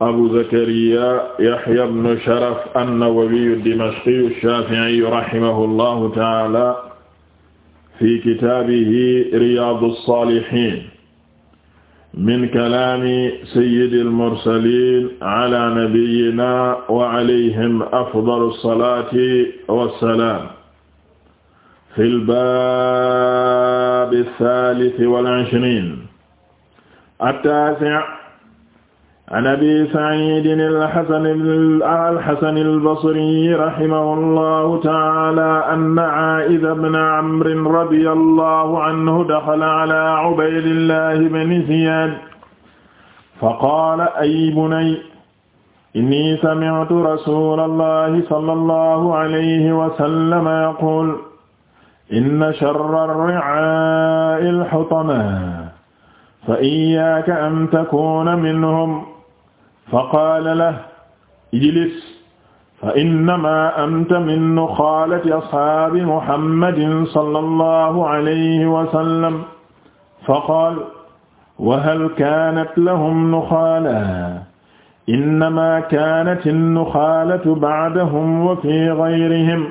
abu zakariya yahya ibn sharaf an-nawawiyu dimashqiyu shaafi'iyu rahimahullahu ta'ala fi kitaabihi riyaadu saalihiin min kalaami sayyidil mursaliin ala nabiyyina wa alayhim afdalu salaati wa salaam fil baabi saalisi wal ishriin at-taasi' an abi saidin alxasan alxasan albasri rahimahullahu taala anna aida bna amrin radi allahu anhu daxala ala ubaydillahi bni ziyad faqaala ay bunay inni sami'tu rasula allahi sala allahu alayhi wasallama yaqul inna sharra ri'aa'i alxutama fa iyyaaka an takuuna minhum fa qaala lahu ijlis fa innamaa anta min nuxaalati asxaabi muhammadin sallallahu alayhi wa sallam fa qaala wa hal kaanat lahum nuxaala innamaa kaanat nuxaalatu ba'dahum wa fii gayrihim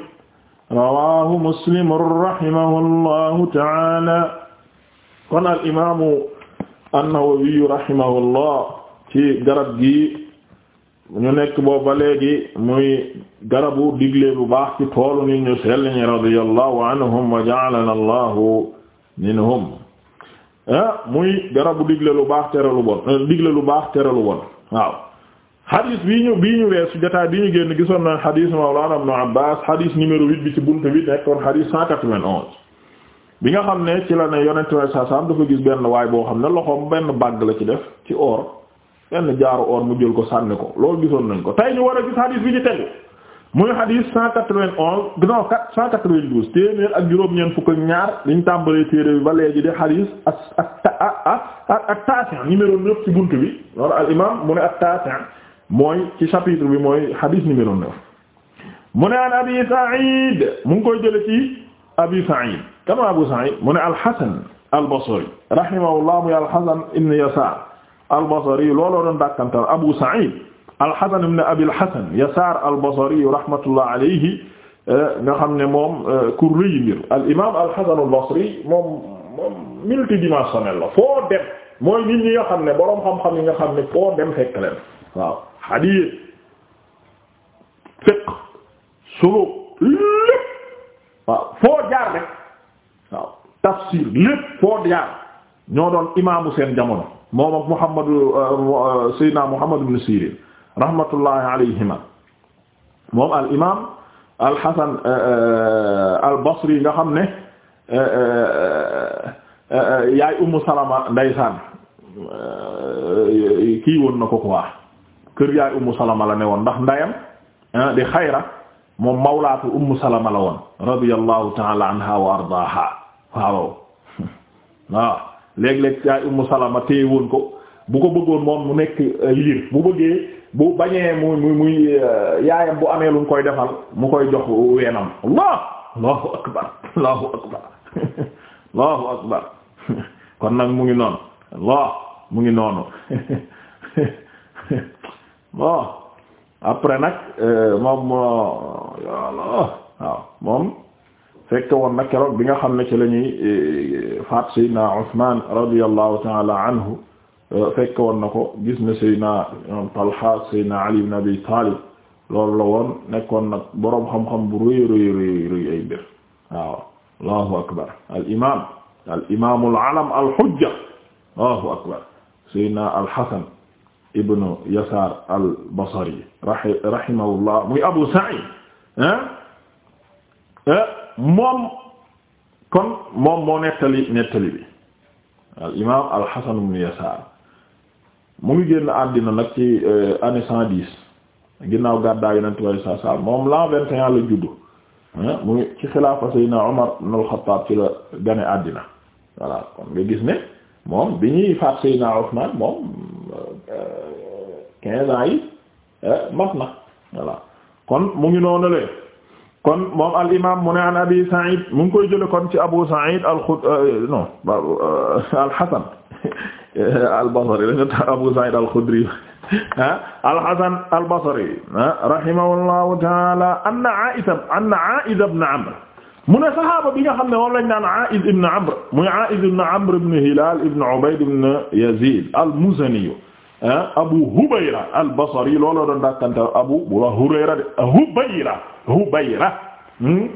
rawaahu muslim rahimahullahu ta'aala qaala al imaamu an-Nawawi rahimahullah ci garab gi ñu nekk boobu ba léegi muy garabu digle lu baax ci toolu nit ñu sell ñi radiyallahu anhum wa ja'alana allahu minhum ah muy garabu digle lu baax tere lu bon euh, digle lu baax tere lu bon waaw xadis bii ñu bii ñu weesu jotaay bi ñu génn gisoon nañ xadis Mawlana Ibn Abbas xadis numéro huit bi ci buntu bi nekkoon xadis cent quatre-vingt-onze bi nga xam ne ci la ne yonent sallallahu alayhi wasallam dafa gis benn waay boo xam ne loxoom benn bàgg la ci def ci or benn jaaru or mu jël ko sànni ko loolu gisoon nañ ko tey ñu war a gis hadith bi ci tegu muy hadith cent quatre ak juróom-ñeent fukk ak ñaar liñ tàmbalee téere bi ba léegi de hadith ak ak ak taasi' numéro neuf ci bunt bi loolu al imam mu ne ak taasi' mooy ci chapitre bi mooy hadith numéro neuf mu ne an abi Sa'id mu ngi koy jële ci abi Sa'id kama abu Sa'id mu ne al-Hasan al-Basri rahimahullah muy al-Hasan ibn Yasar al-Basri looloo doon dàkkantal Abu Sa'id al-Hasan ibn Abi al-Hasan Yasaar al-Basri rahmatullah alayhi eh, nga xam ne moom eh, ku rëy mbir al-imaam al-Hasan al-Basri moom moom multidimensionnel la foo dem mooy nit ñi nga xam ne boroom xam-xam yi nga xam ne foo dem fekk leen waaw hadiis fiqh suluuk lépp waaw foo jaar rek waaw tafsiir lépp foo ñoo doon imaamu seen jamono. moom ak Muhammad euh, Seydina Muhammad ibn Sirin rahmatullahi alayhima moom al imaam al Hasan euh, euh, al Basri nga xam ne yaay Ummu Salama ndeysaan kii woon na ko quoi kër yaay Ummu Salama la ne woon ndax ndayam di Xayra moom mawlaatu Ummu Salama la woon radiyallahu ta'ala anha wa ardaaha waaw waaw léeg-léeg yaay Ummu Salama téye woon ko bu ko bëggoon moom mu nekk euh, liir bu bëggee bu bañee mu mu muy euh, yaayam bu amee lu mu koy defal mu koy jox weenam allah allahu akbar allahu akbar allahu akbar kon nag mu ngi noonu allah mu ngi noonu bon après nag euh, moom mo moom fekk woon na keroog bi nga xam ne ci la ñuy e, faat Seydina Usmaan radiyallahu ta'ala anhu e, fekk woon na ko gis na Seydina e, Talha Seydina Ali ibn Abi Talib loolu la woon nekkoon nag boroom xam-xam bu rëy rëy rëy rëy ay mbir waaw allahu akbar al imam al imam al alam al hujja allahu akbar Seydina al Hasan ibn Yasar al Basri rahimahullah muy Abu Sa'id ah, ah moom kon moom moo nettali nettali bi al imaam al Hasan ibn Yasaar mu ngi génn àddina nag ci euh, année cent dix ginnaaw gàddaa yonent bi saa saa moom l'an vingt et la juddu mu ngi ci xilaafa Seydina Umar ibn al-Khattab ci la gane àddina voilà kon nga gis ne moom bi ñuy faat Seydina Usmaan moom euh, quinze ans yi euh, mat na voilà kon mu ngi noonu lee kon moom al imaam mu ne an abi Saïd mu ngi koy jële kon ci Abu Saïd al xud euh, non euh, al Hasan al Basri dañu tax Abu Saïd al Khudri ah al Hasan al Basri ah, rahimahullahu ta'ala anna Aa'ida anna Aa'ida ibn Amr mu ne saxaaba bi nga xam ne moom lañ naan Aa'id ibn Amr muy Aa'id ibn Amr ibn Hilal ibn Ubayd ibn Yazid al Muzani Ah, abu hubayra al basri looloo doon dàkkante abu bu la hurayra de hubayra hubayra hmm?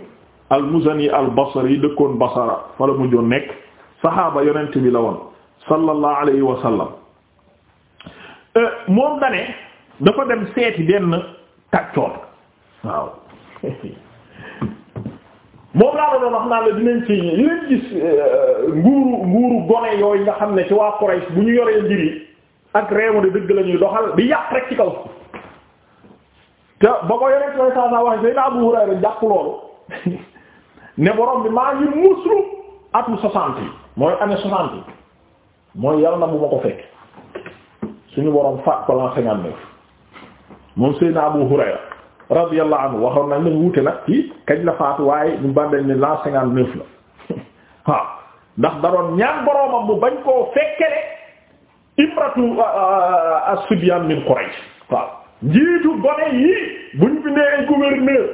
al muzani al basri dëkkoon basara fa la mujjoon nekk saxaaba yonent bi la woon sallallahu alayhi eh, moom dem seeti benn kàccoor waaw moom laa doon wax naa la dinañ ci dinañ gis eh, nguuru nguuru gone yooyu nga xam ne ci waa Quraysh bu ñu yoree mbir ak réewu di dëgg la ñuy doxal di yàq rek ci kaw te ba ko yore sa saa wax Seydina Abu Hurayra jàpp loolu ne borom bi maa ngi muslu atu soixante yi mooy année soixante yi mooy yàlla na bu ma ko fekk suñu borom faat ko l'an cinquante neuf moom Seydina Abu Hurayra radiyallahu anhu waxoon nañ ne wuute nag ci kañ la faatu waaye ñu bàndañ ne l'an cinquante neuf la waaw ndax daroon ñaan boromam bu bañ koo fekkele imratu euh, euh, as-sibyan min Quraysh waaw njiitu gone yi buñ fi nee ay gouverneur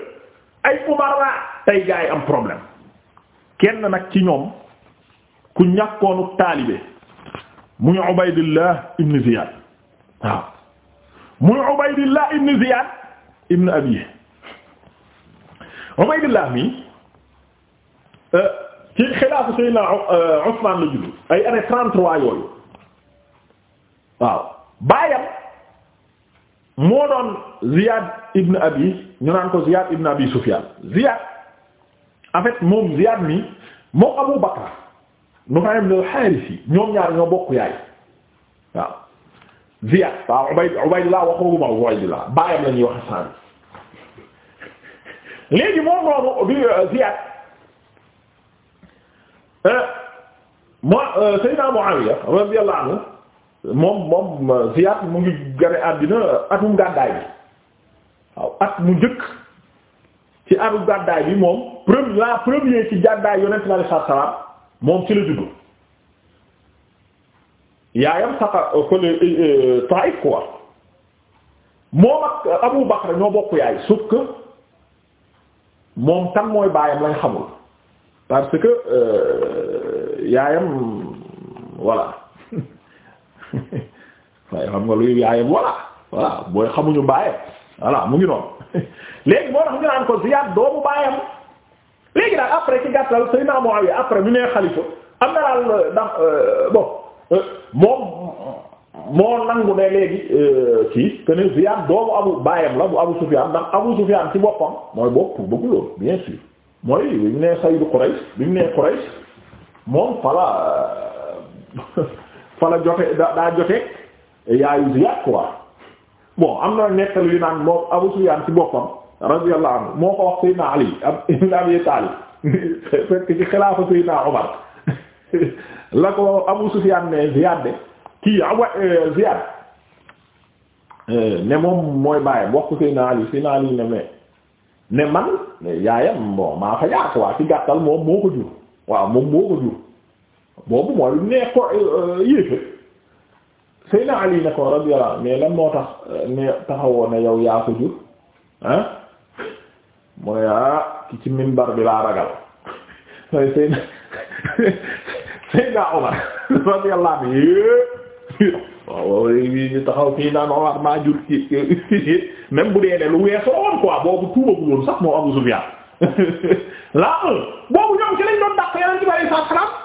ay umara tey gaa am problème kenn nag ci ñoom ku ñàkkoonu taalibe muy Ubaydillah ibn Ziyad waaw muy Ubaydillah ibn Ziyad ibn Abi Ubaydillah mi euh, ci xilaafu Sayyidina Usman la judd ay année 33 yooyu waaw baayam moo doon Ziyad ibn Abi ñu naan ko Ziyad ibn Abi Sufyan Ziyad en fait moom Ziyad mi moom Abu Bakr Nufaym ibn al-Harith yi ñoom ñaar ñoo bokk yaay waaw Ziyad waaw Ubayd Ubaydullah baayam la wax sànni léegi moom noonu bi euh, Ziyad euh, moo euh, Sayyidina Muawiya radiyallahu anhu moom moom Ziyad mu ngi gane àddina atum gàddaay bi waaw at mu njëkk ci atum gàddaay bi moom premier la premier ci gàddaay yonent bi sallallahu alayhi moom ci la juddu yaayam saqa euh, fële euh, euh, Taif quoi moom ak Abu Bakr ñoo bokk yaay sauf que moom tan mooy baayam lañ xamul parce que yaayam voilà waaye xam nga luy yaayam voilà voilà booy mu ngi noonu léegi moo tax ñu naan ko Ziyaad doomu baayam léegi nag après ci gàttal Seydina Muawiya après ñu euh, euh, bon euh, moom moo nangu ne léegi kii que ne Ziyaad doomu abu baayam la bu Abu Sufyaan ndax Abu Sufyaan ci boppam mooy bopp bëggu loolu bien sûr mooy bi mu nee Sayyidu Quraysh bi mu nee fala fa la jote daa jote yaayu Ziyaad quoi bon am na nettali yu naan moom Abu Sufyaan ci boppam radiyallahu anhu moo ko wax Seydina Ali ibn Abi Taalib fekk ci xilaafa Seydina Umar la ko Abu Sufyaan ne eh, eh, ne moom mooy bàyyam wax ko Seydina Ali Seydina Ali ne man yaayam bon maa fa yaar quoi ci gàttal moom moo ko jur waaw moom moo ko jur boobu mooy nee ko euh, euh, yéefe Seydina Ali ne ko radiyallahu anhu mais lan moo tax euh, ne taxawoo ne yow yaa jur ah mu ne ah, ki ci minbar bi laa ragal mooy Seydina Seydina Omar radiyallahu anhu waaw léegi taxaw bu dee ne lu weesoo woon quoi boobu tuubagul woon sax moo Abu Sufyaan laa un boobu ñoom ci lañ doon dàq yeneen ci bari sa xalaat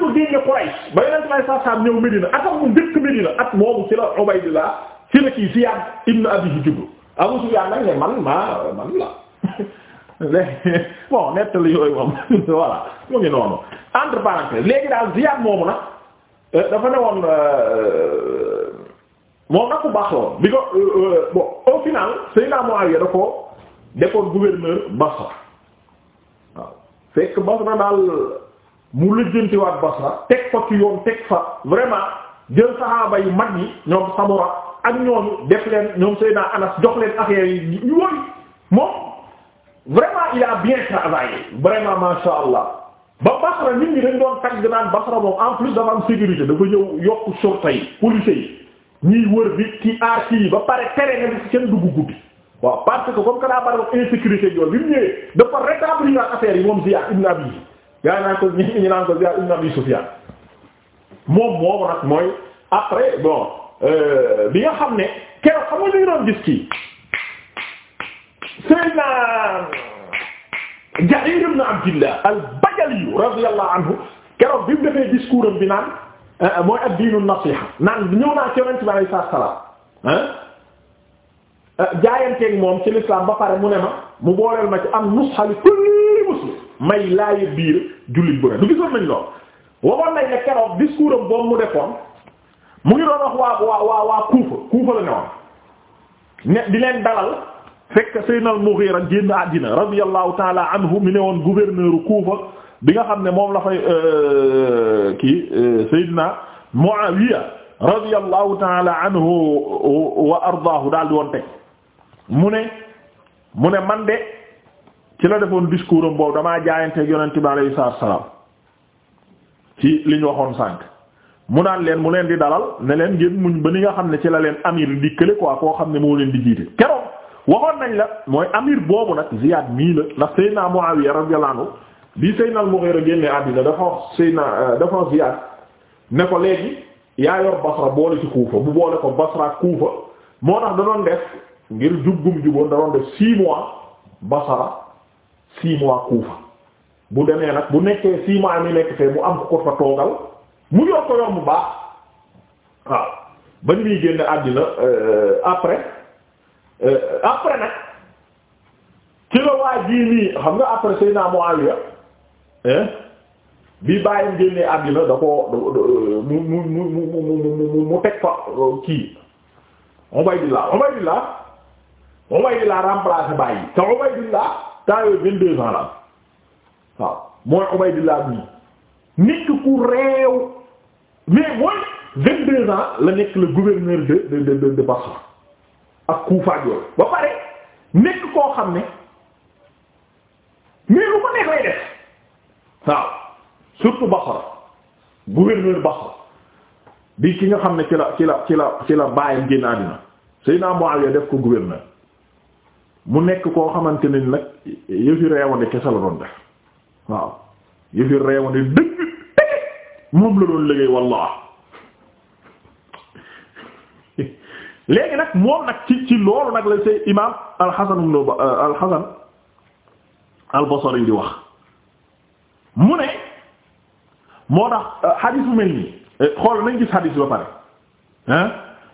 njëkk génne Quraysh ba yonent may saa saam ñëw Medina atam mu njëkk Medina at moomu ci la Ubaydillah ci la kii Ziyad ibn Abi Jubb Abu Sufyan nag ne man ma man la bon nettali yooyu moom voilà mu ngi noonu entre parenthèses léegi daal Ziyad moomu na euh, dafa ne woon euh, moom nag ku baax la woon bi ko euh, bon au final Sayyidina Muawiya da ko defoon gouverneur Basra waaw fekk Basra daal mu lëjjantiwaat Basra teg fa ci yoon teg fa vraiment jël saxaaba yu mag yi ñoom Samura ak ñooñu def leen ñoom Seydina Anas jox leen affaire yi yooyu moom vraiment il a bien travaillé vraiment masha Allah ba Basra nit ñi dañ doon tagg danaan Basra moom en plus dafa am sécurité dafa ñëw yokk surta yi police yi ñiy wër bi ci aar yi ba pare tere na bi kenn dugg guddi waaw parce que comme que daa bari insécurité yooyu bi mu ñëwee dafa rétablir affaire yi moom Ziyaad ibn Abi gaa naan ko ñi ñu naan ko Ziyaad ibn Abi Sufyaan moom moomu nag mooy après bon euh, bi nga xam ne keroog xam nga ñu doon gis kii Sayyidina Jarir ibn Abdillah al-Bajali radiyallahu anhu keroog bi mu defee discours am bi naan euh, mooy ad-diinu nasiha naan ñëw naa ci Yonent bi alayhi salaam Euh, jaayanteeg moom ci l'islam ba pare mu ne ma mu booleel ma ci am nusxali kulli muslim may laaye biir jullit bu ne du gisoon nañ lool waxoon nañ ne keroog discours boobu mu defoon mu ngi doon wax waa waa waa kuufa kuufa la ne woon ne di leen dalal fekk Seydina al génn àddina radiyallahu taala anhu mi ne woon gouverneur kuufa bi nga xam ne moom la fay euh, kii euh, Seydina Muawiya radiyallahu taala anhu wa ardaahu daal di woon teg mu ne mu ne man de ci la defoon discours am boobu damaa jaayanteeg yonent bi alayhi salaam ci li ñu waxoon sànq mu naan leen mu leen di dalal ne leen ngeen muñ ba ni nga xam ne ci la leen amir di kële quoi koo xam ne moo leen di jiite keroog waxoon nañ la mooy amir boobu nag Ziyad mii la ndax Seydina Muawiya radiyallahu anhu bi Seydina al-Mughira génne àddina dafa wax Seydina dafa wax Ziyad ne ko léegi yaa yor Basra boole ci Kuufa bu boole ko Basra Kuufa moo tax da ngir jubgum juboon da doon def six mois basara six mois kuufa bu demee nag bu nekkee six mois mi nekk fee mu am ko fa toogal mu yor baax waaw ba ni muy àddina euh, après euh, après nag ci waa jii nii xam nga après Seydina Muawiya bi bàyyim génnee àddina da ko mu mu mu mu mu mu teg fa euh, kii Ubaydillah Ubaydillah Ubaydillah remplacé bàyyi te Ubaydillah vingt-deux ans la waaw mooy Ubaydillah bi nekk ku réew mais mooy vingt-deux ans la nekk le gouverneur de de de de de ak Kufa yooyu ba pare nekk koo xam ne mais lu ko nekk lay def waaw surtout Basra gouverneur Basra bi ki nga xam ne ci la ci la ci la ci la bàyyam génn àddina Seydina Muawiya def ko gouverneur mu nekk koo xamante ne nag yëfi reewande kese la doon def waaw yëfi reewande dëgg dëgg moom la doon liggéey wallah léegi nag moom nag ci ci loolu nag la say imaam al-Hasan ibn euh, al-Hasan al di wax mu ne moo tax euh, xadiis bu mel nii euh, xool nañ gis xadiis ba pare hein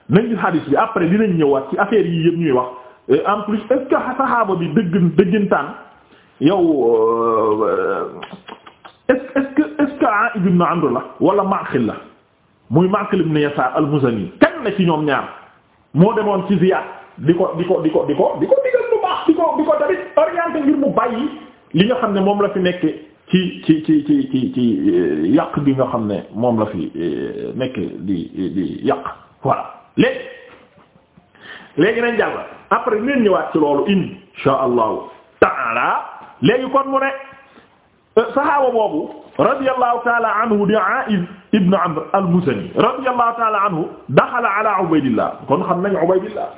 nañ gis xadiis bi après dinañ ñëwaat ci affaire yii yëpp ñuy wax en plus est-ce bi dëgg dëggintaan yow euh, est-ce que est-ce que la wala Ma'qil la muy Ma'qil ibn Yasaar al-Muzani kan na ci ñoom ñaar moo demoon ci ziyaar di ko di ko di ko di ko di ko digal lu baax di ko di ko tamit orienté ngir mu bàyyi li nga xam ne moom la fi nekk ci ci ci ci ci ci yàq gi nga xam ne moom la fi euh, nekk di di yàq voilà léegi léegi nañ jàll après neen ñëwaat ci loolu insha allahu taala léegi kon mu ne euh, sahaaba boobu radiyallahu taala anhu di A'iz ibn Amr al-Muzani radiyallahu taala anhu daxala ala Ubaydillah kon xam nañ Ubaydillah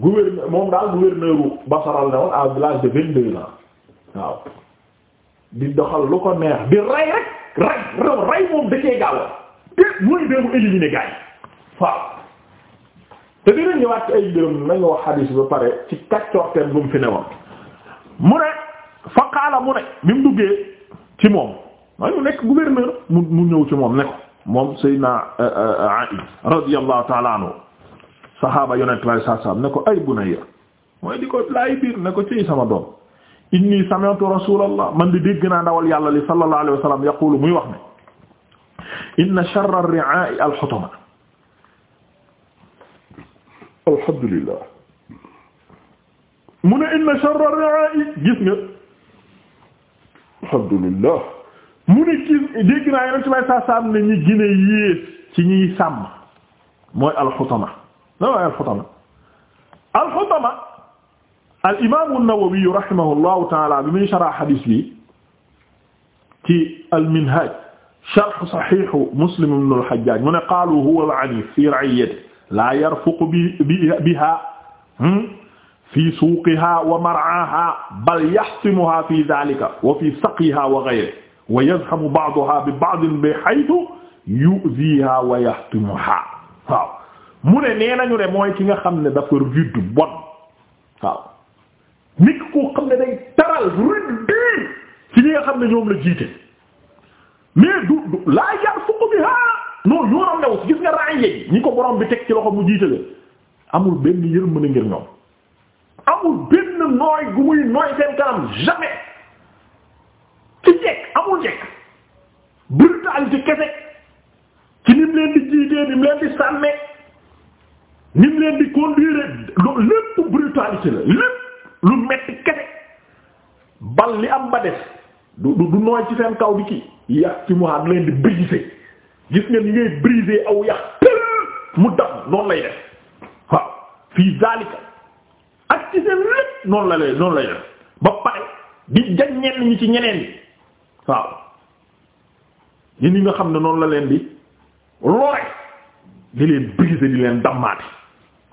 gouverneur moom daal gouverneur u ne woon à de vingt-deux waaw di doxal lu ko neex di rey rek rey rey moom da cee waaw te dina ñëwaat ci ay mbirum nañu wax xadiis ba pare ci kaccoorteen bu mu fi newoon mu ne fa mu ne bi mu ci moom mooy mu nekk gouverneur mu ñëw ci moom ne ko moom Seydina euh, euh, Ali radiyallahu ta'ala anhu saxaaba yonent lay saa ne ko ay bunayya mooy di ko laay biir ne ko ci sama doom inni sami'tu rasulallah man di dégg naa ndawal yàlla li sallallahu alayhi wa sallam yaqulu muy wax ne inna al-hutama alhamdulillah mu ne inna sharra ra'i gis nga alhamdulillah mu ne gis dégg naa yonent bay saa saam ne ñi gine yées ci ñiy sàmm mooy alxutama la waaye alxutama alxutama al imaamu an-Nawawi rahimahullahu taala bi muy sharh hadis bi ci al-Minhaj sharh sahih Muslim ibn al-Hajjaj mu ne qaalu huwa al-anif fi ra'iyyatihi laa yarfuqu bi bi biha hmm? fi suuqiha wa mar'aha bal yahtimuha fi dhalika wa fi saqiha wa ghayrihi wa yazhamu ba'daha bi ba'din bi haythu yu'dhiha wa yahtimuha waaw mu ne nee nañu ne mooy ki nga xam ne dafa rudd bon waaw nit koo xam ne day taral rudd ci ñi nga xam ne ñoom la jiite mais du du laa yarfuqu biha non yoonam new si gis nga raaya ñi ko borom bi teg ci loxo mu jiite leen amul benn yërmande ngir ñoom amul benn nooy gu muy nooy seen kanam jamais ci jekk amul jekk brutalité kese ci nim leen di jiitee nim leen di sàmme nim leen di conduire lépp brutalité la lépp lu metti kese bal li am ba des du du nooy ci seen kaw di kii yàq ci mu leen di bëgg gis nga ni ngay briser aw yax mu dam noonu lay def waaw fii zalika ak ci seen lépp noonu la lay noonu lay def ba pare di jañ ñenn ñi ci ñeneen ñi waaw ñi ni nga xam ne noonu la leen di lore di leen briser di leen dammaate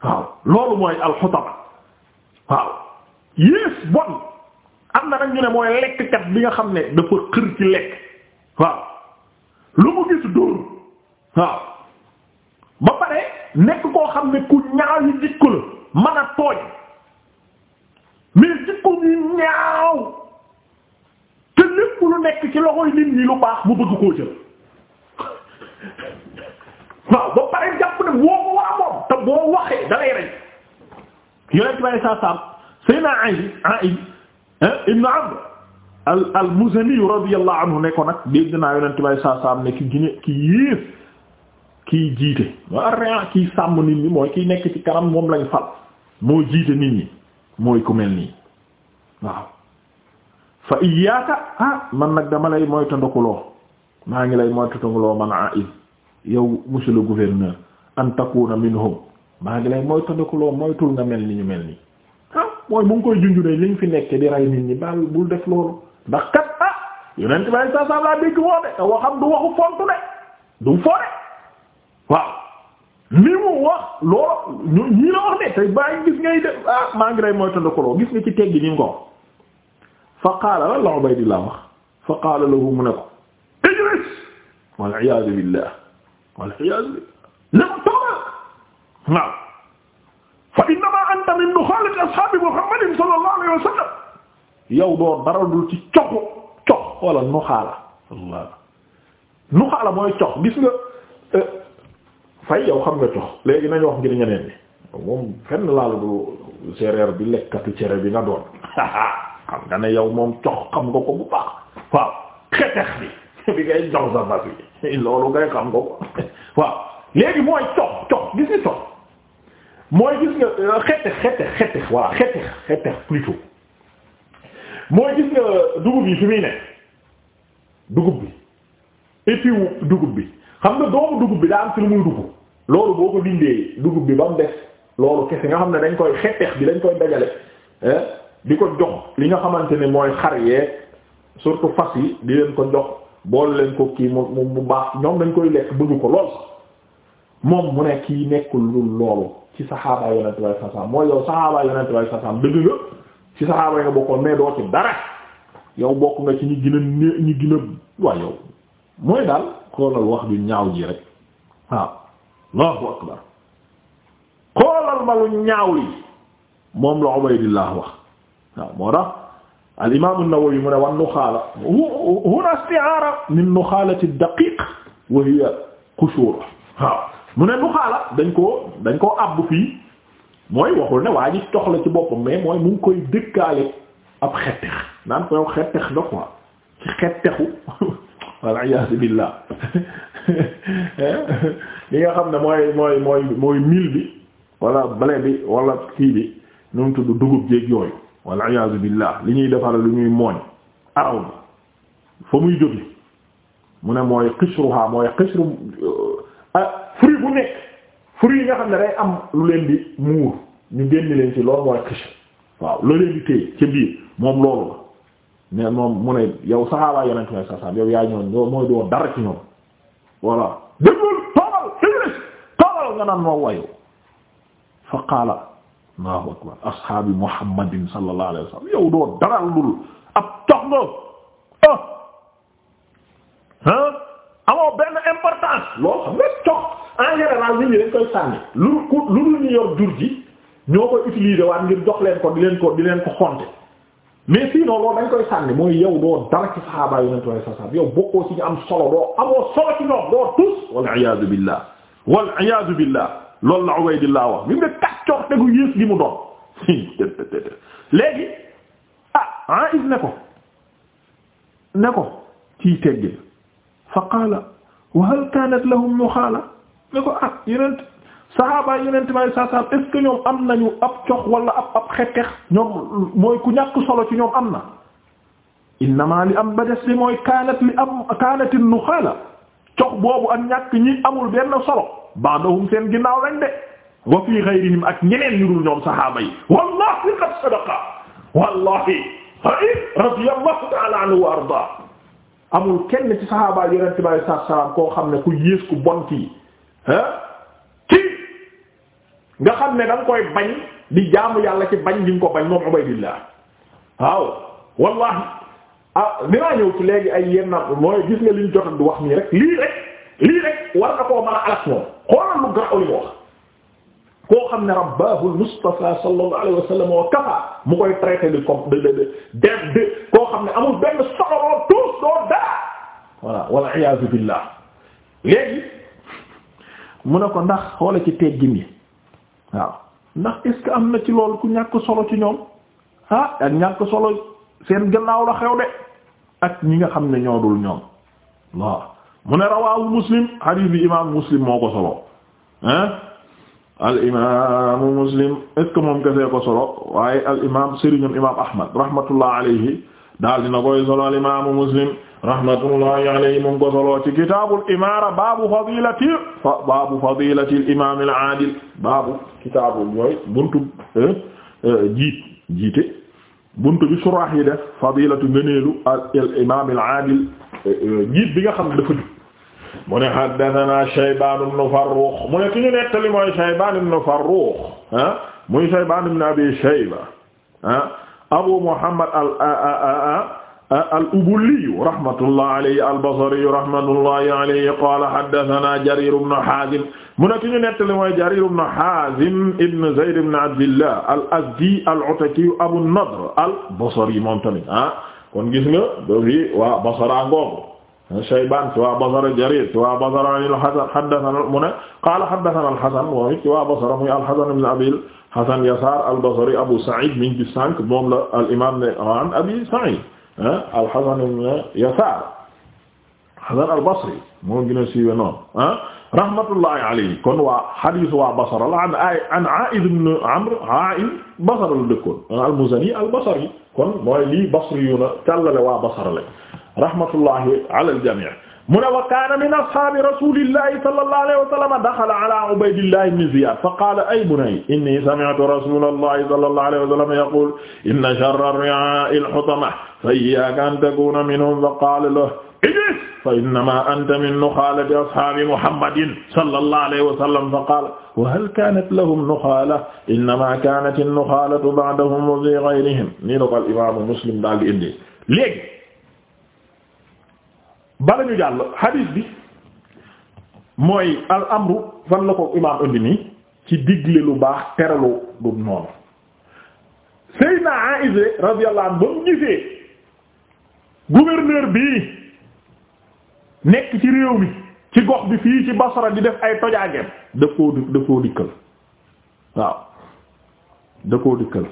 waaw loolu mooy alxutama waaw yées bon am na nag ñu ne mooy lekkkat bi nga xam ne dafa xër ci lekk waaw tuddoon waaw nekk ko xam ne ku ñaaw yi jikko la mën a tooñ mais nekk ci loxoy nit ñi lu baax mu bëgg koo jël waaw ba pare woo waa moom te boo waxee da lay rey yonent bi sallallahu alayhi wasallam Seydina Aïd Aïd ibn Amr al al Muzani radiyallahu anhu ne ko nag dégg naa yonent bay saa saam ne ki gine ki yées kiy jiite wa rien kiy sàmm nit ñi mooy ki nekk ci kanam moom lañ fal moo jiite nit ñi mooy ku mel nii waaw fa iyaaka ah man nag dama lay mooy tandakuloo maa ngi lay mooy tandakuloo man a is yow monsieur le gouverneur an takuna minhum maa ngi lay mooy tandakuloo moytul nga mel ni ñu mel nii ah mooy mu ngi koy junju ne liñ fi nekke di rey nit ñi baal bul def ndax kat ah yonent bi ay saasaam laa dégg woo de te waxam du waxu fontu de du foo de waaw li mu wax loolu ñu ñii la wax de te bàyyi gis ngay def ah maa ngi lay moytandikuloo gis nga ci teggi ni nga ko fa qaala la la Ubaydillah wax fa qaala lahu mu ne ko ijlis wal iyaadu billah wal iyaadu billah ne ko toogal waaw fa innamaa anta min muxaalati ashaabi Muhammadin sallallahu alayhi wa sallam yow doo dara du ci coxu cox wala nu xaala mooy cox gis nga euh, fay yow xam nga cox léegi nañu wax ngir ñeneen bi moom fenn laal du séeréer bi lekkatu cere bi nga doon xam nga ne yow moom cox xam nga ko bu baax waaw xetex bi bi ngay jox sa bas yi loolu ngay xam nga ko waaw léegi mooy cox cox gis nga cox mooy gis nga xetex xetex xetex voilà mooy gis dugub yi fi muy ne dugub bi épi wu dugub bi xam nga doomu dugub bi daa am ci lu muy dugg loolu boo ko dindee dugub bi ba mu des loolu kese nga xam ne dañ koy xettex bi dañ koy dajale di ko jox li nga xamante ne mooy xar yee surtout fas yi di leen ko jox bool leen ko kii mu mu baax ñoom dañ koy lekk bëgg ko lool moom mu ne kii nekkul loolu ci saxaabaa yonent bi sallallahu mooy yow saxaabaa yonent bi sallallahu alayhi wasallam nga ci saxaaba yi nga bokkoon mais doo ci dara yow bokk nga ci ñi gën a ne ñi gën mooy daal xoolal wax ju ñaaw ji rek waaw Allahu akbar xoolal ma lu ñaaw li moom la Ubaydillah wax moo tax al imam nawawi mu ne wan nuxaala huna isti'aara min nuxaalati daqiq wa hiya qushur mu ne nuxaala dañ koo dañ koo àbb fii mooy waxul ne waa ji tox la ci boppam mais mooy mu ngi koy dëkkaale ab xettex naan ko yow xettex nga quoi ci xettexu walla iyaazu billaah li nga xam ne mooy mooy mooy mooy bi wala blé bi walla kii bi nu mu dugub jéeg yooyu walla iyaazu billaah li ñuy defara lu ñuy mooñ araw bi fa muy jóge mu ne mooy xisruha mooy xisru euh, ah fruit bu nekk fruits yi nga xam ne day am lu leen di muur ñu génn leen ci loolu mooy xëcc waaw lu leen di téye ca biir moom loolu la mais moom mu ne yow saxaabaa yonent may sasam yow yaa ñoon yow doo dara ci ñoom voilà déglul toogal ijlis toogal nga naan moo wayu fa qaala allahu akbar ashaabi muhammadin sallallahu alayhi wa sallam yow doo dara lul ab tox nga ah, ah amoo benn importance loolu xam nga tox en général nit ñi dañ koy sànni lu lu dul ñu yor jur ji ñoo koy utiliser waat ngir jox leen ko di leen ko di leen ko xonte mais sinon loolu dañ koy sànni mooy yow doo dara ci saxaaba yu nentuway sa sab yow bokkoo ci ñu am solo doo amoo solo ci ñoom doo tus wal iyaadu billah wal iyaadu billah loolu la Ubaydillah wax bi nga kàccoor tegu yées gi mu doon léegi ah Aïs ne ko ne ko ciy teggin fa qaala wa hal kaanat lahum nuxaala ne ko ah yeneen saxaaba yeneen may saa saa est-ce que ñoom am nañu ab cox wala ab ab xeqex ñoom mooy ku ñàkk solo ci ñoom am na. innama li am ba des li mooy kaanat li am kaanati nuxaala cox boobu ak ñàkk ñi amul benn solo ba'dahum seen ginnaaw lañ de wa fii ghayrihim ak ñeneen ñu dul ñoom saxaaba yi wallahi qad sadaqa wallahi radiyallahu ta'ala anhu wa arda amul kenn ci saxaaba yeneen may saa saa koo xam ne ku yées ku bon kii. kii nga xam ne da koy bañ di jaamu yàlla ci bañ di ko bañ moom Ubaydillah waaw wallahi ah dinaa ñëw ci léegi ay yenn mooy gis nga liñ jot du wax nii rek lii rek war na koo mën alas moom xoolal lu garaaw li mu wax koo xam ne rabbahu al-Mustafa sallallahu alayhi koo xam ne amul benn soxoroo tous doo daa voilà wal iyaazu billah léegi. mu ne ko ndax xoola ci teggin yi waaw ndax est-ce am na ci loolu ku ñàkk solo ci ñoom ah ak ñàkk solo seen gannaaw la xew de ak ñi nga xam ne ñoo dul ñoom mu ne rawaahu muslim hadith bi imaamu muslim moo ko solo ah al imaamu muslim est-ce que moom kese ko solo waaye al imaam sëriñam imaam Ahmad rahmatullah alayhi daal dina koy solo al imaamu muslim rahmatullahi alayhi mu ngi ko solo al imaam al aadil baabu kitaabul mooy buntu euh, euh, jiit jiite buntu bi al imaam al aadil euh, jiit bi nga xam ne dafa mu ne haddathana Shaybaan ibn mu ne ki ñu ah, Abi Shayba ah, abu muhammad al al ubuliyu rahmatullahi alayhi al basriyu rahmatullahi alayhi qaala haddathana jarir ibn hazim mu ne ki ñu nettali mooy jarir ibn hazim ibn zayd ibn abdillah al azdi al utaki abu nadr al basri moom tamit ah kon gis nga dofi waa basra ngoogu Shaybaan ci waa Basra Jariir ci waa Basra al-Hasan haddathana mu ne qaala haddathana al-Hasan wa ci waa Basra muy al-Hasan ibn Abil Hasan Yasaar al-Basri Abu Sa'id min ci sànq moom la al imaam ne an Abi Sa'id ah al-Hasan ibn Yasaar Hasan al-Basri moo gën a siiwee noonu ah rahmatullahi alayhi kon waa hadiis waa Basra la an ay an Aa'id ibn Amr Aa'id Basra la dëkkoon ah, al-Muzani al-Basri kon mooy lii Basri yu na tallale waa Basra la rahmatullahi ala al-jamii' mu ne wa kaana min ashaabi rasuulillahi sallallahu alayhi wa sallam daxala ala Ubaydillah ibn Ziyaad fa qaala ay bunayya inni sami'tu rasuulallahi sallallahu alayhi wa sallam yaquulu inna sharra ar-ri'aa'i al-hutama fa iyyaaka an takuuna minhum fa qaala lahu ijlis fa innamaa anta min nuxaalati ashaabi Muhammadin sallallahu alayhi wa sallam fa qaala wa hal kaanat lahum nuxaala innamaa kaanat an-nuxaalatu ba'dahum wa fii ghayrihim nii la ko al imaamu Muslim daal di indi léegi bala ñu jàll hadith bi mooy al amru fan la ko imaam indi nii ci digle lu baax teralu du noonu Seydina Aïsa radiyallahu anha ba mu gisee gouverneur bii nekk ci réew mi ci gox bi fii ci Basra di def ay tojaangeem da koo da koo dikkal waaw da koo dikkal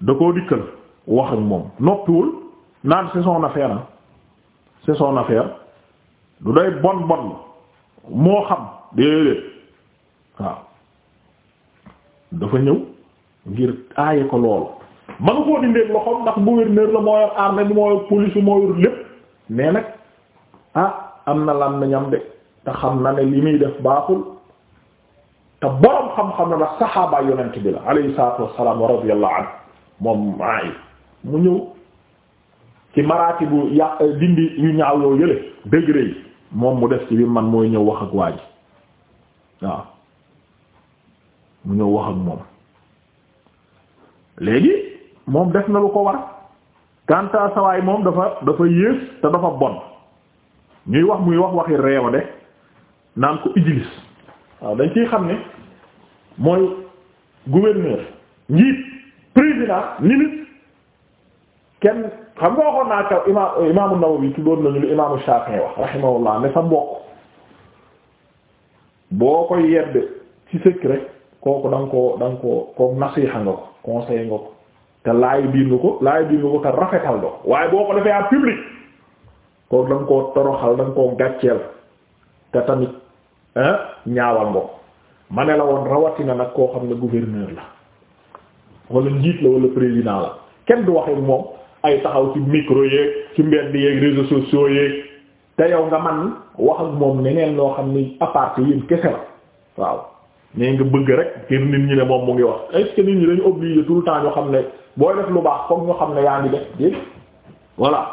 da koo dikkal wax ak moom noppiwul naan c'est son affaire c'est son affaire du day bon bon moo xam déedéet waaw dafa ñëw ngir aaye ko loolu ma nga koo dindee loxoom ndax gouverneur la moo yor armée bi moo yor police bi moo lépp mais nag ah am na lan nañam de te xam na ne li muy def baaxul te borom xam-xam na ndax saxaaba yonent bi la alayhi salaatu wassalaam wa radiyallahu anhu moom maay mu ñëw ci maraati bu yàq euh, dindi yu ñaaw yoo yële degré yi moom mu def ci biir man mooy ñëw wax ak waa waaw mu ñëw wax ak moom léegi moom def na lu ko war kanta sawaay moom dafa dafa yées te dafa bon ñuy wax muy wax waxi reewa de naan ko Idris waaw dañ ciy xam ne mooy gouverneur njiit président ministre kenn xam nga waxoon naa kaw imaam imaamu Nawawi tuddoon nañu lu imaamu Shafi'i wax rahimahullah ne sa mbokk boo koy yedd ci secret kooku da nga koo da nga ko nasiixa nga ko conseil nga ko te laay biir nga ko laay biir nga ko te rafetal do waaye boo ko defee à public kooku da nga toroxal da nga gàcceel te tamit ñaawal nga ma ne la woon rawatina nag koo xam ne gouverneur la wala njiit la wala président la kenn du waxee moom ay taxaw ci micro yeeg ci mbedd yeeg réseaux sociaux yeeg te yow nga man wax ak moom neneen loo xam ne aparté yéen kese la waaw nee nga bëgg rek ngir nit ñi ne moom mu ngi wax est-ce que nit ñi dañu obligé tout temps ñoo xam ne booy def lu baax comme ñoo xam ne yaa ngi def dégg voilà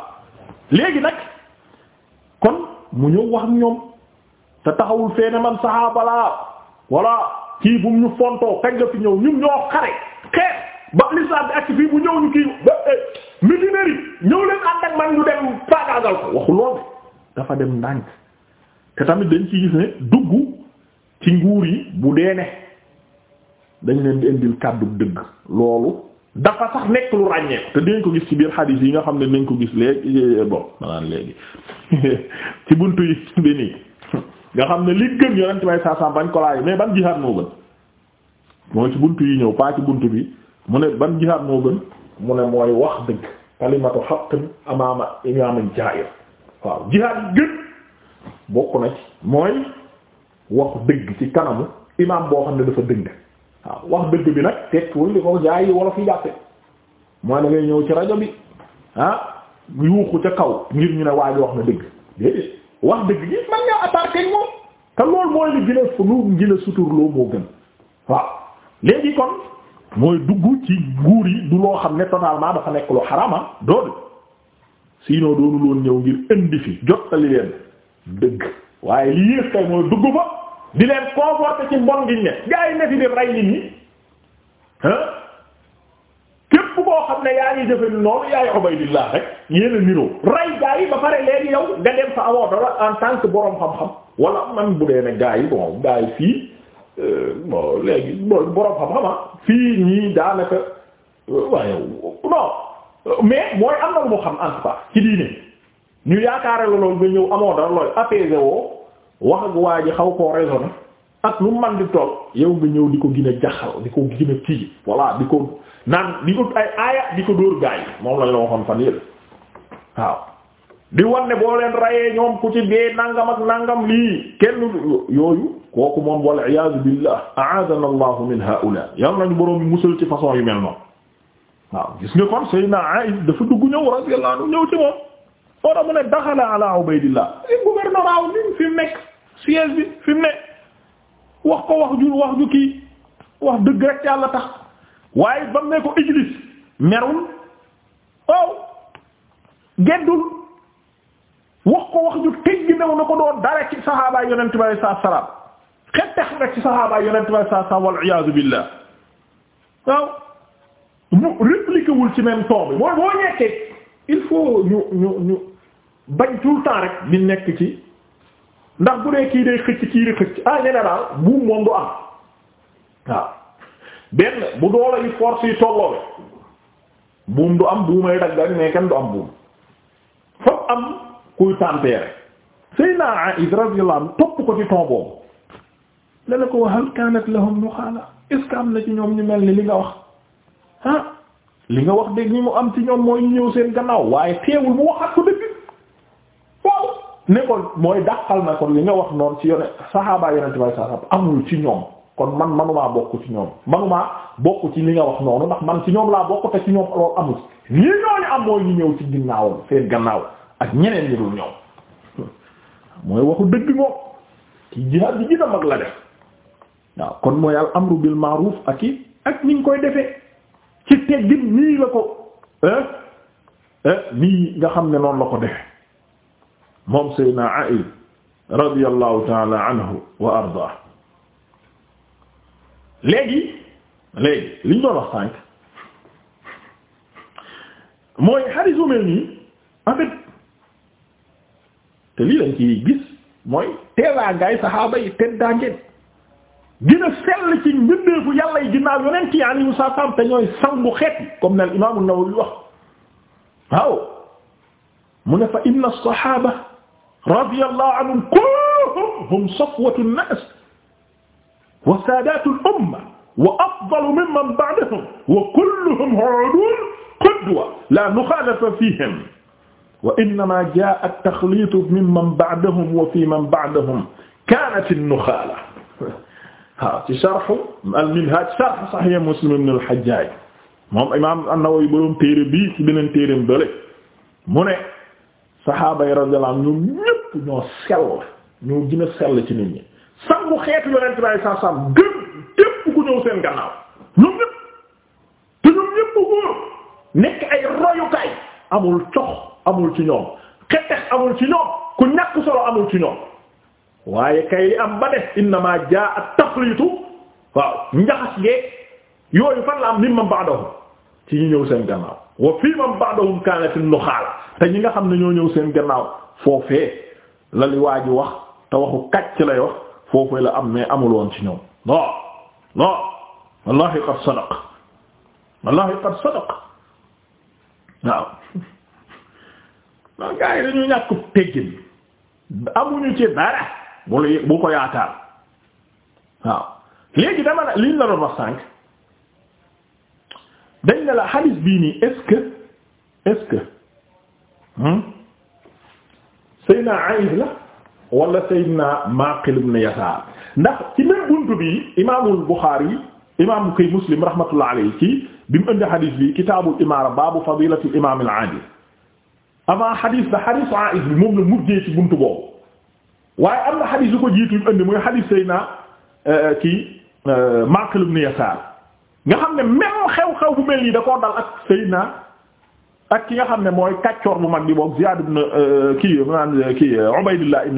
léegi nag kon mu ñëw wax ñoom te taxawul feene man saxaaba laa voilà kii bu ñu fontoo kañ la fi ñëw ñun ñoo xare xeet ba lislaam bi ak fii bu ñëw ñu kii ba eh, missionnaire yi ñëw leen man ñu dem faagaagal ko waxu lool dafa dem ndànk te tamit dañ ci gis ne dugg ci nguur yi bu dee ne dañ leen di indil kàddu dëgg loolu dafa sax nekk lu ràññee te dinañ ko gis ci biir xadiis yi nga xam ne nañ ko gis léegi bon maanaam léegi ci buntu yi bi nii nga xam ne li gën yonent may saasam bañ ko laaj mais ban jihaad moo gën mooy ci bunt yi ñëw pas ci bunt bi mu ne ban jihaad moo gën mu ne mooy wax dëgg kalimatu haqqin amaama imaamin jaa'ir waaw jihaad gën bokk na ci mooy wax dëgg ci kanamu imaam boo xam ne dafa dëng waaw wax dëgg bi nag tekkiwul li ko jaay yi jàppe mooy da ngay ñëw ci rajo bi ah yuuxu ca kaw ngir ñu ne waaj wax na dëgg déedéet wax dëgg gi man nga attaqué moom te loolu mooy li gën a fu nu gën suturloo moo gën waaw léegi kon mooy dugg ci nguur yi du loo xam ne totalement dafa nekk lu doo ah, doole sinon doonu loon ñëw ngir indi fi jottali leen dëgg waaye li yées kay mooy dugg fa di leen conforter ci mbon giñ ne gaa yi ne di rey nit ñi képp koo xam ne yaa ngi jëfe noonu yaay Ubaydillah rek yéen a niroo rey gaa ba pare léegi yow nga dem fa amoo dara en tant que boroom xam-xam wala man bu dee ne gaa yi bon gaa fii Euh, bon léegi borom xam-xama fii ñii daanaka euh, waaye non mais mooy am na lu mu xam en tout cas ci diine ñu yaakaare loolu nga ñëw amoo dara looy apaisé wax ak waa ji xaw ko raisonné ak lu man di toll yow nga ñëw di ko gën a jaxal di ko gën a kii di ko naan di ko ay aaya di ko dóor gaay moom lañ la waxoon fan yële waaw di wan boo leen rayee ñoom ku ci dee nangam nangam lii kenn yooyu kooku moom wal iyaazu billah a'aadana allahu min haula yal nañu boroom musal ci façon yu mel noonu waaw gis nga kon Seydina Aïs dafa dugg ñëw radiyallahu anhu ñëw ci moom wora mu ne daxala ala Ubaydillah li gouvernement bi fi mu nekk siège bi fi wax ko wax ju wax kii wax dëgg rek yàlla tax waaye bam ne ijlis merul ow geddul wax ko wax ñu teggi new na ko doon dara ci saxaabaay yonent bi sallallahu alayhi wasallam xettex nga ci saxaabaay yonent bi sallallahu alayhi wasallam wal iyaadu billah waaw ci même temps bi mooy boo nekkee il faut ñu ñu ñu bañ tout rek di nekk ci ndax bu dee kii day xëcc kii di xëcc en général buum moom du am waaw benn bu doole yi force yi tolloo buum du am buumay dagg ak kenn du am buum foofu am. kuy tempérer Seydina Aïsa radiyallahu anha topp ko ci ton boobu la ne ko wa hal kanat lahum nuxaala est ce que am na ci ñoom ñu mel ni li nga wax ah li nga wax dëgg ñi mu am ci ñoom mooy ñëw seen gannaaw waaye teewul mu waxaat ko dëgg dàqal na kon li nga wax noonu ci yone saxaabaa yonente bay ci ñoom kon man manumaa bokk ci ñoom manumaa bokk ci li nga wax noonu ndax man ci ñoom laa bokk ci ñoom loolu amul ñii ñooñu am mooy ñu ñëw ci ginnaawam seen gannaaw ak ñeneen ñi dul ñoom mooy waxu dëgg moom ci jihaad bi gën a mag la def waaw kon mooy al amru bil ak i ak ni ñu koy defe ci teggin nii la ko nii nga xam ne noonu la ko defee moom Seydina Ali radiyallahu taala anhu wa arda léegi léegi liñ doon wax sànq mooy xarisu mel nii te lii lañ ci gis mooy teelaangaay saxaaba yi teddaangeen gën a sell ci mbindeefu yàlla yi ginnaaw yonent yi alayhimu salaam te ñooy sangu xeet yi comme nal imaamu Nawawi wax waaw mu ne fa inna as-sahaaba radiyallahu anhum kulluhum hum safwatu an-naas wa saadaatu al-umma wa afdalu mimman ba'dahum wa kulluhum 'udul qudwa la nukhalafa fihim wa innama jaa at-taxliitu mimman ba'dahum wa fi man ba'dahum kaanat an-nuxaala waaw ci sharh al-minhaaj sharh sahih muslim ibn al-hajjaaj moom imaam an-nawawi boroom téere bii ci beneen téereem bële mu ne saxaaba yi radiyallahu anhum ñoom ñépp ñoo sell ñoo gën a sell ci nit ñi sangu xeetu yonent bi saa saa gën képp ku ñëw seen gannaaw ñoom ñépp te ñoom ñépp góor nekk ay royukaay amul cox amul ci ñoom xetex amul ci ñoom ku ñàkk solo amul ci ñoom waaye kay am ba def innama jaa ak tafriitu waaw njaxas gee yooyu fan la am mimma ba'dahum ci ñi ñëw seen gannaaw wa fii man ba'dahum kanat nuxaala te ñi nga xam ne ñoo ñëw seen gannaaw foofee la li waa ji wax te waxu kàcc lay wax foofee la am mais amul woon ci ñoom non non wallahi qad sadaq wallahi qad sadaq waaw non gars yi dañu ñàkk teggin amuñu ci dara bu bu ko yaataal waaw léegi dama la liñ la doon wax sànq dañ ne la hadith bii nii est-ce que est-ce que hmm? Seydina Aïd la wala Seydina Maqil ibn Yasar ndax buntu bi imaamul Bukhari imaamu kay Muslim rahmatullah alayhi ci bi mu indi hadith bi kitaabul imaara baabu fadilatil imaamil aadil avant xadis ba xadis Aïs bi moom la mujjee ci buntu boobu waaye am na xadis yu ko jiitu indi muy xadis Seydina euh, kii euh, Maqil ibn Yasaar nga xam ne même xew-xew bu mel nii da koo dal ak Seydina ak ki nga xam ne mooy kàccoor bu mag bi boog Ziyaad ibn euh, kii maanaam kii Ubaydullah